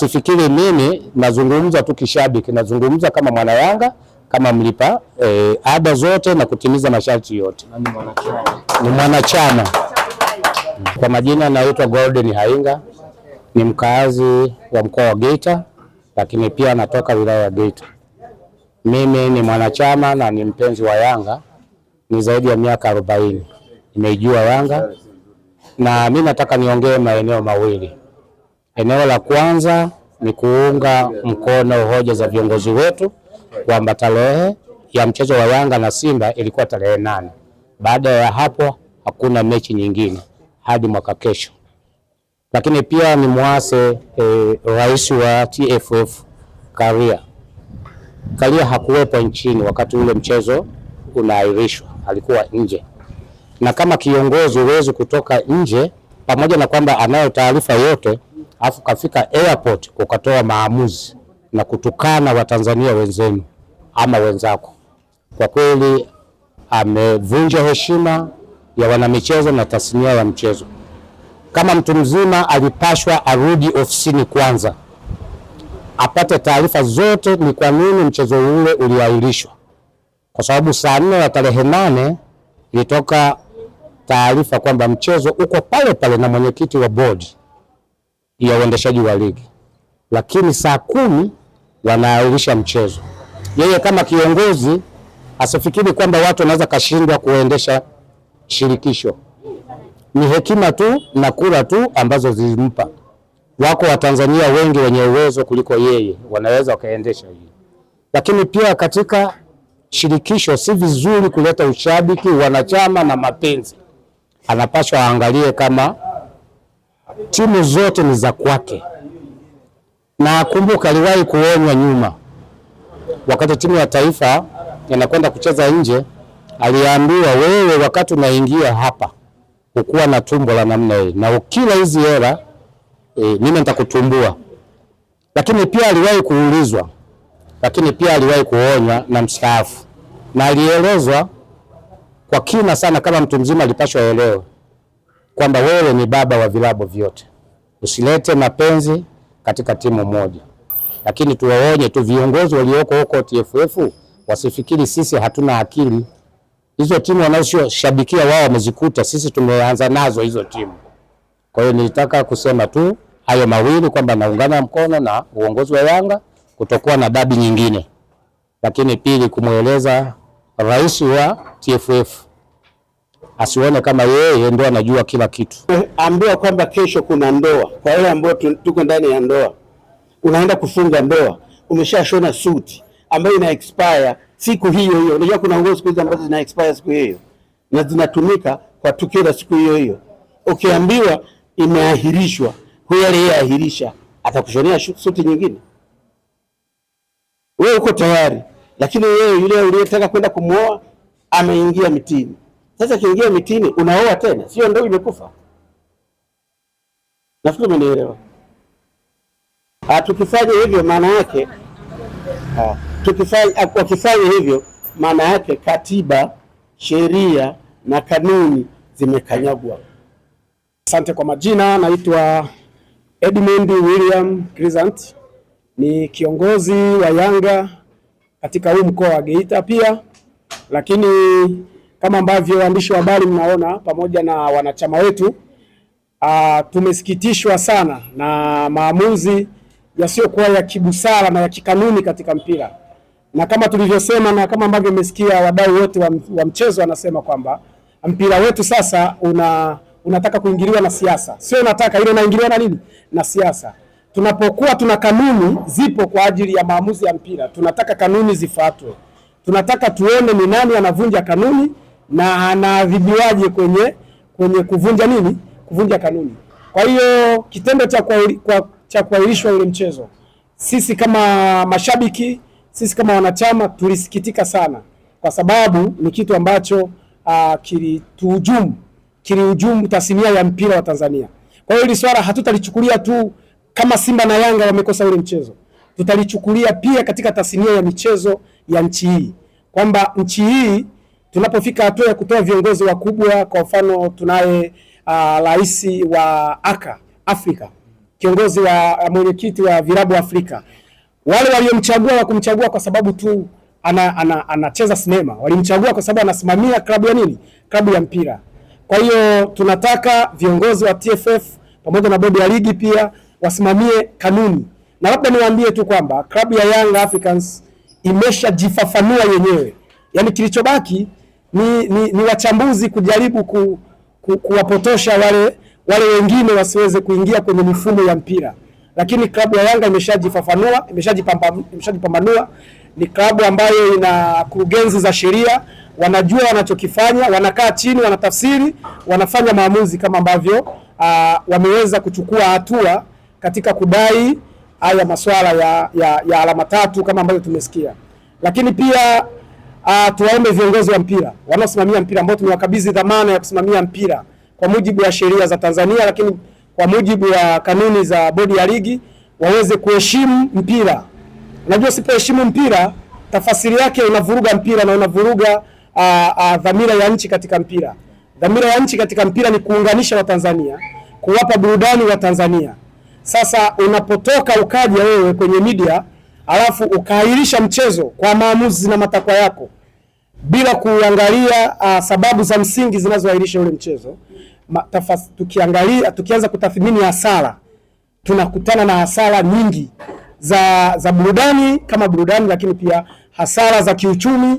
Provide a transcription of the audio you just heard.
Sifikiri mimi nazungumza tu kishabiki, nazungumza kama mwana Yanga, kama mlipa e, ada zote na kutimiza masharti yote, ni mwanachama. Kwa majina naitwa Golden Hainga, ni mkaazi wa mkoa wa Geita, lakini pia natoka wilaya ya Geita. Mimi ni mwanachama na ni mpenzi wa Yanga, ni zaidi ya miaka arobaini nimeijua Yanga, na mimi nataka niongee maeneo mawili Eneo la kwanza ni kuunga mkono hoja za viongozi wetu kwamba tarehe ya mchezo wa Yanga na Simba ilikuwa tarehe nane. Baada ya hapo hakuna mechi nyingine hadi mwaka kesho. Lakini pia ni mwase e, rais wa TFF Karia. Karia hakuwepo nchini wakati ule mchezo unaahirishwa, alikuwa nje, na kama kiongozi huwezi kutoka nje, pamoja na kwamba anayo taarifa yote afu kafika airport ukatoa maamuzi na kutukana Watanzania wenzenu ama wenzako, kwa kweli amevunja heshima ya wanamichezo na tasnia ya mchezo. Kama mtu mzima alipashwa arudi ofisini kwanza, apate taarifa zote, ni kwa nini mchezo ule uliahirishwa, kwa sababu saa nne ya tarehe nane ilitoka taarifa kwamba mchezo uko pale pale na mwenyekiti wa bodi ya uendeshaji wa ligi, lakini saa kumi wanaahirisha mchezo. Yeye kama kiongozi asifikiri kwamba watu wanaweza kashindwa kuendesha shirikisho. Ni hekima tu na kura tu ambazo zilimpa. Wako Watanzania wengi wenye uwezo kuliko yeye, wanaweza wakaendesha hii. Lakini pia katika shirikisho si vizuri kuleta ushabiki, wanachama na mapenzi. Anapaswa aangalie kama timu zote ni za kwake, na kumbuka aliwahi kuonywa nyuma, wakati timu ya taifa inakwenda kucheza nje, aliambiwa wewe, wakati unaingia hapa ukuwa na tumbo la namna hii na ukila hizi hela e, mimi nitakutumbua. Lakini pia aliwahi kuulizwa, lakini pia aliwahi kuonywa na mstaafu, na alielezwa kwa kina sana, kama mtu mzima alipashwa elewa kwamba wewe ni baba wa vilabu vyote, usilete mapenzi katika timu moja. Lakini tuwaonye tu viongozi walioko huko TFF wasifikiri sisi hatuna akili. Hizo timu wanazoshabikia wao wamezikuta, sisi tumeanza nazo hizo timu. Kwa hiyo nilitaka kusema tu hayo mawili kwamba naungana mkono na uongozi wa Yanga kutokuwa na dabi nyingine, lakini pili, kumweleza rais wa TFF asione kama yeye ndo anajua kila kitu. Eh, ambiwa kwamba kesho kuna ndoa, kwa wale ambao tuko ndani ya ndoa, unaenda kufunga ndoa, umeshashona suti ambayo ina expire siku hiyo hiyo. Unajua kuna nguo siku hizi ambazo zina expire siku hiyo na zinatumika kwa tukio la siku hiyo hiyo. Ukiambiwa okay, imeahirishwa, huyo aliyeahirisha atakushonea suti nyingine. Wewe uko tayari, lakini wewe yule uliyetaka kwenda kumwoa ameingia mitini. Sasa kiingia mitini unaoa tena, sio ndoa imekufa. Nafikiri umenielewa. Ah, tukifanya hivyo maana yake ah, tukifanya, ah, wakifanya hivyo maana yake katiba, sheria na kanuni zimekanyagwa. Asante kwa majina, naitwa Edmund William Crisant, ni kiongozi wa Yanga katika huu mkoa wa Geita pia lakini kama ambavyo waandishi wa habari mnaona pamoja na wanachama wetu uh, tumesikitishwa sana na maamuzi yasiyokuwa ya kibusara na ya kikanuni katika mpira, na kama tulivyosema na kama ambavyo umesikia wadau wote wa, wa mchezo wanasema kwamba mpira wetu sasa una unataka kuingiliwa na siasa, sio unataka ile inaingiliwa na nini na siasa. Tunapokuwa tuna kanuni zipo kwa ajili ya maamuzi ya mpira, tunataka kanuni zifuatwe, tunataka tuone ni nani anavunja kanuni na anaadhibiwaje kwenye kwenye kuvunja nini, kuvunja kanuni. Kwa hiyo kitendo cha kwa, cha kuahirishwa ule mchezo, sisi kama mashabiki, sisi kama wanachama tulisikitika sana, kwa sababu ni kitu ambacho ah, kilituhujumu, kilihujumu tasnia ya mpira wa Tanzania. Kwa hiyo hili swala hatutalichukulia tu kama Simba na Yanga wamekosa ule mchezo, tutalichukulia pia katika tasnia ya michezo ya nchi hii kwamba nchi hii tunapofika hatua ya kutoa viongozi wakubwa. Kwa mfano tunaye ah, rais uh, wa aka Afrika, kiongozi wa ah, mwenyekiti wa virabu Afrika, wale waliomchagua wa kumchagua kwa sababu tu ana, ana, anacheza sinema, walimchagua kwa sababu anasimamia klabu ya nini, klabu ya mpira. Kwa hiyo tunataka viongozi wa TFF pamoja na bodi ya ligi pia wasimamie kanuni, na labda niwaambie tu kwamba klabu ya Young Africans imeshajifafanua yenyewe, yaani kilichobaki ni, ni, ni wachambuzi kujaribu ku, ku, kuwapotosha wale wale wengine wasiweze kuingia kwenye mifumo ya mpira, lakini klabu ya Yanga imeshajifafanua, imeshajipambanua. Ni klabu ambayo ina kurugenzi za sheria, wanajua wanachokifanya, wanakaa chini, wanatafsiri, wanafanya maamuzi kama ambavyo uh, wameweza kuchukua hatua katika kudai haya masuala ya, ya, ya alama tatu kama ambavyo tumesikia, lakini pia Uh, tuwaombe viongozi wa mpira wanaosimamia mpira ambao tumewakabidhi dhamana ya kusimamia mpira kwa mujibu wa sheria za Tanzania, lakini kwa mujibu wa kanuni za bodi ya ligi waweze kuheshimu mpira. Unajua, usipoheshimu mpira, tafasiri yake unavuruga mpira na unavuruga uh, ah, uh, ah, dhamira ya nchi katika mpira. Dhamira ya nchi katika mpira ni kuunganisha Watanzania, kuwapa burudani wa Tanzania. Sasa unapotoka ukaja wewe kwenye media alafu ukaahirisha mchezo kwa maamuzi na matakwa yako bila kuangalia uh, sababu za msingi zinazoahirisha ule mchezo tukiangalia tukianza kutathmini hasara tunakutana na hasara nyingi za, za burudani kama burudani, lakini pia hasara za kiuchumi